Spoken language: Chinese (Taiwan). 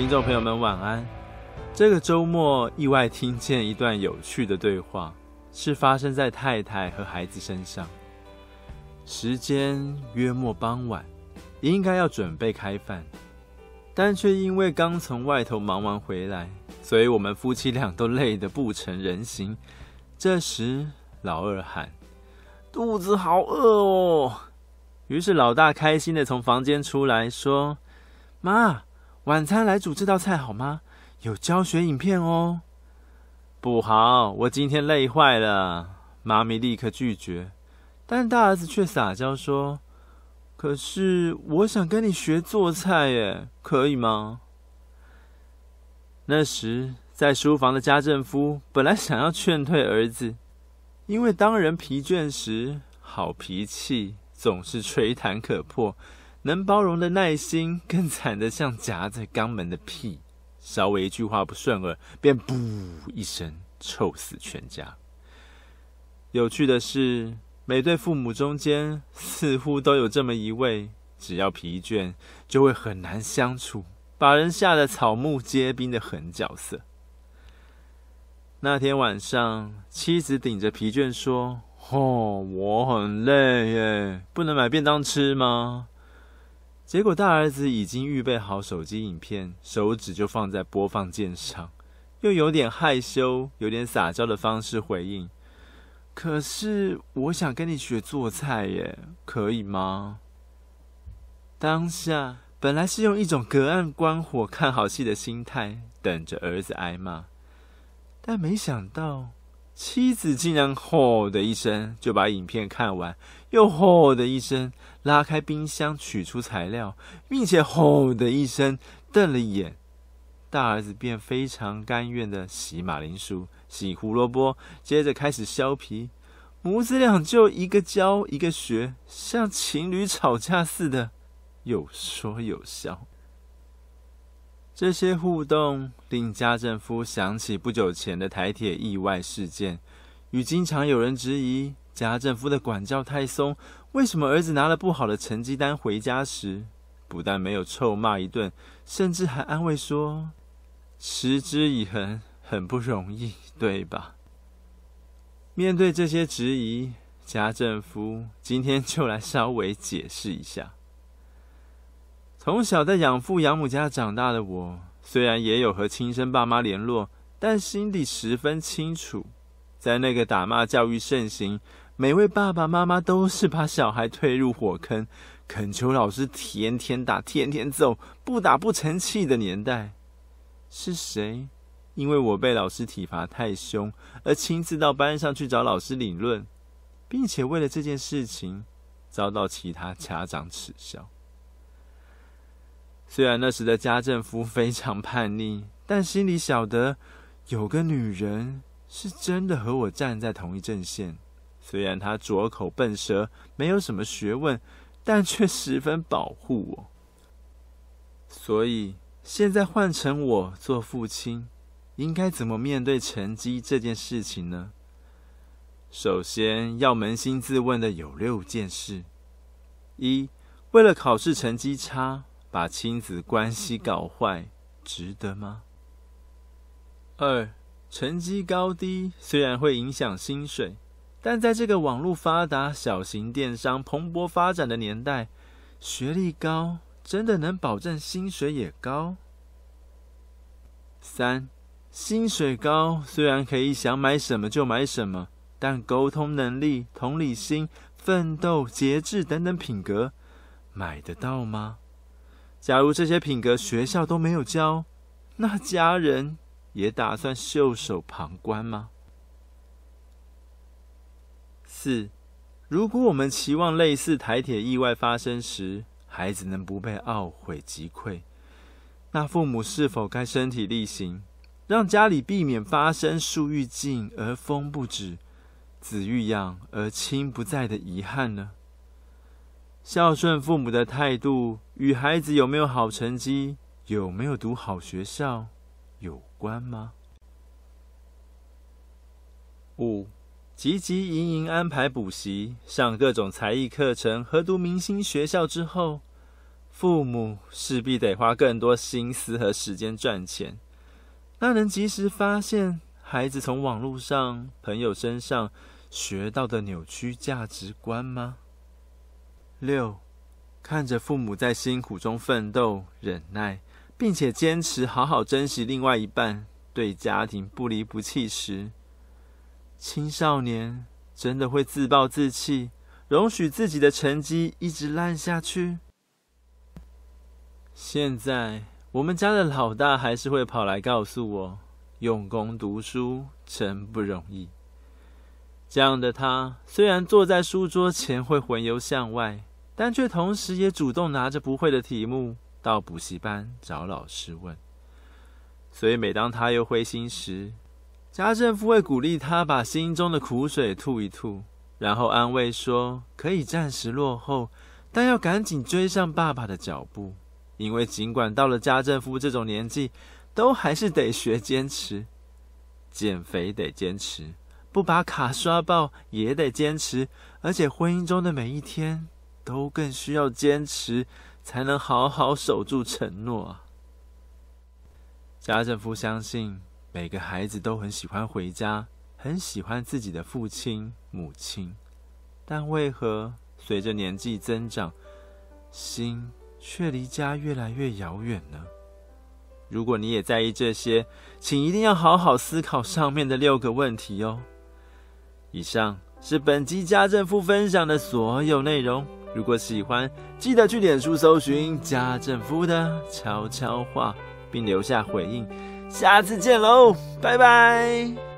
聽眾朋友們，晚安。這個周末意外聽見一段有趣的對話，是發生在太太和孩子身上。時間約莫傍晚，應該要準備開飯，但卻因為剛從外頭忙完回來，所以我們夫妻倆都累得不成人形。這時老二喊：“肚子好餓哦！”於是老大開心地從房間出來，說：“媽。”晚餐來煮這道菜好嗎？有教學影片哦。不好，我今天累壞了，媽咪立刻拒絕。但大兒子卻撒嬌說：“可是我想跟你學做菜耶，可以嗎？”那時在書房的家政夫本來想要勸退兒子，因為當人疲倦時，好脾氣總是吹彈可破。能包容的耐心，更慘得像夾在肛門的屁，稍微一句話不順耳，便噗“噗”一聲臭死全家。有趣的是，每對父母中間似乎都有這麼一位，只要疲倦，就會很難相處，把人嚇得草木皆兵的狠角色。那天晚上，妻子頂着疲倦說：“哦，我很累耶，不能買便當吃嗎？”結果大兒子已經預備好手機影片，手指就放在播放鍵上，用有點害羞、有點撒嬌的方式回應。可是我想跟你學做菜耶，可以嗎？當下本來是用一種隔岸觀火、看好戲的心態，等着兒子挨罵，但沒想到。妻子竟然吼的一聲就把影片看完，又吼的一聲拉開冰箱取出材料，並且吼的一聲瞪了眼。大兒子便非常甘願的洗馬鈴薯、洗胡蘿蔔，接着開始削皮。母子倆就一個教一個學，像情侶吵架似的，有說有笑。這些互動令家政夫想起不久前的台鐵意外事件，與經常有人質疑家政夫的管教太鬆。為什麼兒子拿了不好的成績單回家時，不但沒有臭罵一頓，甚至還安慰說：“持之以恆很不容易，對吧？”面對這些質疑，家政夫今天就來稍微解釋一下。從小在養父養母家長大的我，雖然也有和親生爸媽聯絡，但心底十分清楚，在那個打罵教育盛行、每位爸爸媽媽都是把小孩推入火坑、懇求老師天天打、天天揍、不打不成器的年代，是誰因為我被老師體罰太兇而親自到班上去找老師理論，並且為了這件事情遭到其他家長恥笑？雖然那時的家政夫非常叛逆，但心裡曉得有個女人是真的和我站在同一陣線。雖然她拙口笨舌，沒有什麼學問，但卻十分保護我。所以現在換成我做父親，應該怎麼面對成績這件事情呢？首先要捫心自問的有六件事：一、為了考試成績差，把親子關係搞壞，值得嗎？二，成績高低雖然會影響薪水，但在這個網絡發達、小型電商蓬勃發展的年代，學歷高真的能保證薪水也高？三，薪水高雖然可以想買什麼就買什麼，但溝通能力、同理心、奮鬥、節制等等品格，買得到嗎？假如這些品格學校都沒有教，那家人也打算袖手旁觀嗎？四，如果我們期望類似台鐵意外發生時，孩子能不被懊悔擊潰，那父母是否該身體力行，讓家裡避免發生樹欲靜而風不止，子欲養而親不在的遺憾呢？孝順父母的態度與孩子有沒有好成績、有沒有讀好學校有關嗎？五，汲汲營營安排補習、上各種才藝課程和讀明星學校之後，父母勢必得花更多心思和時間賺錢。那能及時發現孩子從網絡上、朋友身上學到的扭曲價值觀嗎？六，看着父母在辛苦中奮鬥、忍耐，並且堅持好好珍惜另外一半，對家庭不離不棄時，青少年真的會自暴自棄，容許自己的成績一直爛下去。現在，我們家的老大還是會跑來告訴我，用功讀書真不容易。這樣的他，雖然坐在書桌前會魂遊向外。但卻同時也主動拿着不會的題目到補習班找老師問，所以每當他又灰心時，家政夫會鼓勵他把心中的苦水吐一吐，然後安慰說：“可以暫時落後，但要趕緊追上爸爸的腳步。因為儘管到了家政夫這種年紀，都還是得學堅持，減肥得堅持，不把卡刷爆也得堅持，而且婚姻中的每一天。”都更需要堅持，才能好好守住承諾啊。家政夫相信每個孩子都很喜歡回家，很喜歡自己的父親母親，但為何隨着年紀增長，心卻離家越來越遙遠呢？如果你也在意這些，請一定要好好思考上面的六個問題哦。以上是本集家政夫分享的所有內容。如果喜歡，記得去臉書搜尋家政夫的悄悄話，並留下回應。下次見嘍，拜拜！